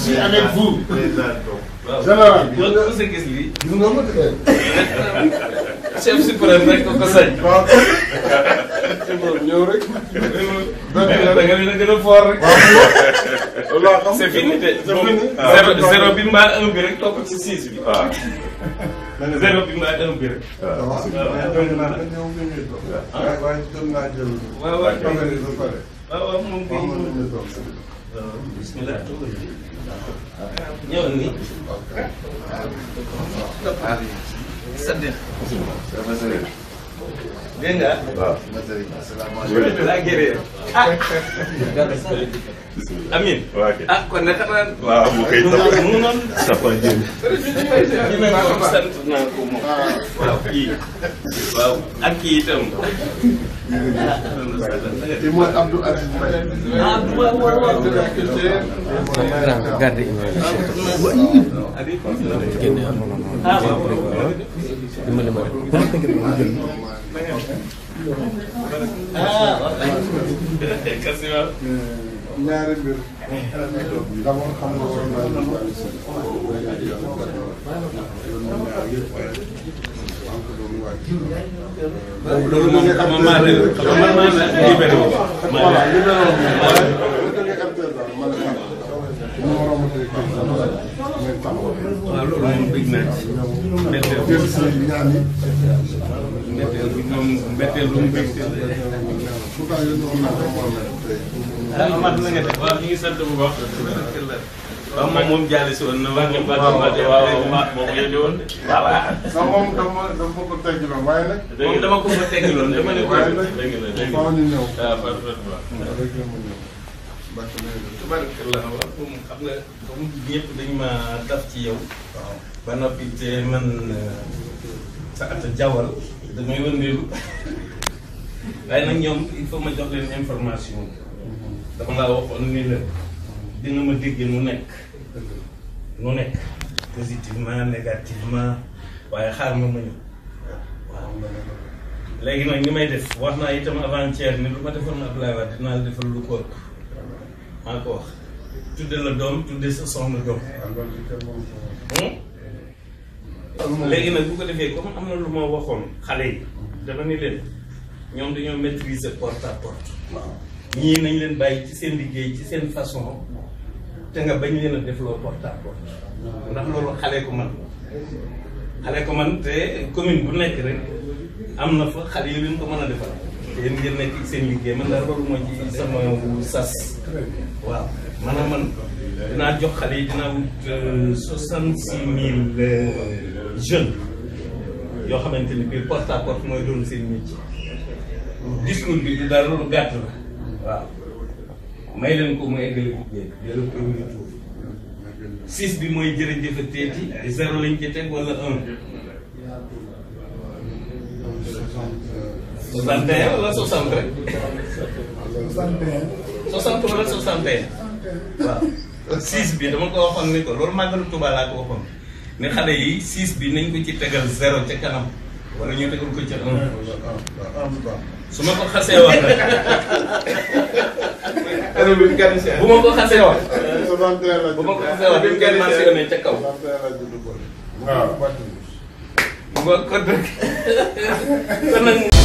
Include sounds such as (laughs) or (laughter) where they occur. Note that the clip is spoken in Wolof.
suis avec vous. général. waaw sa gis lii. gis nga ma tey. chef suprême rek ko ko sañ. waaw. ñëw rek. da nga leen a gën a fort rek. waaw c'est fini de. zéro bi mbaa un bi rek topp ci six bi. waaw. zéro bi mbaa un bi rek. waaw waaw waaw waaw moom bismillah ñëw ni sëddeen dégg nga. waaw. ah. (laughs) amiin. ah kon nag xanaa. waaw mu koy safar jëm. sant naa ko moom. waaw kii. waaw ak kii itam. te mooy Abdou Aziz Mbaye. Abdou waaw waaw waaw. waaw. dimbali ma rek. ñaari mbir d'abord xam nga waroon naa leen wax loolu moom xam nga maa leen xam nga man maa libéré wu. voilà libéré wu ma. waaw loolu moom bëgg naa ci. seen ñaan yi. mbetteel bi moom mbetteel bu mu mbégteel. pourtant yéen ñoo xam ne moom mat na nga def waaw ñu ngi sant bu baax. waaw moom moom jaale si woon na. waaw waaw waaw moom yooyu woon de. voilà. non moom dama dama ko teggiloon waaye nag. moom dama ko fa teggiloon dama ne ko. waaye nag dëgg la dëgg la waaw ñu ñëw. waaw barke Ndeye tabarakallah waaw comme xam nga comme ñëpp dañ ma daf ci yow. waaw ba noppi te man euh, jawal at jawwal damay wëndeelu waaye nag ñoom il faut ma jox leen information dama laa waxoon ni la dina ma dégg nu nekk. nu nekk positivement négativement waaye xaar ma ma ñëw waaw. léegi nag li may def wax naa itam avant-hier ni lu ma defoon Abdoulaye Wade dinaa la defal lu ko maa ko wax tudde la doom tudde sa soxna doom hmm? léegi nag bu ko defee comme am na lu ma waxoon xale yi dafa ni leen ñoom dañoo maîtriser porte à porte ñii nañ leen bàyyi ci seen liggéey ci seen façon te nga bañ leen a def loo porte à porte ndax loolu xale ko man ko man te commune bu nekk rek am na fa xale yi leen ko mën a defal yéen ngeen nekk seen liggéey man daal loolu mooy ci sama sas. waaw maanaam man dinaa jox xale yi dinaa wut euh, soixante six mille euh, jeunes yoo xamante ni bii porte à porte mooy doon seen métier. discours bi du daal loolu gàtt la waaw may leen ko mu eggale liggéey yàlla premier tour six bi mooy jërëjëf teeti zéro lañ ci teg wala un. 61 wala 60 rek. 61. 60 wala 61. waaw 6 bi dama ko waxoon ni ko loolu màggalu Tuuba laa ko waxoon ne xale yi 6 bi nañ ko ci tegal zéro ca kanam wala ñu tegal ko ca 1. su ma ko xasee wax rek. bu ma ko xasee wax. bu ma ko xasee wax dañ koy mentionné ca kaw. waaw. bu ma ko dëgg. (laughs)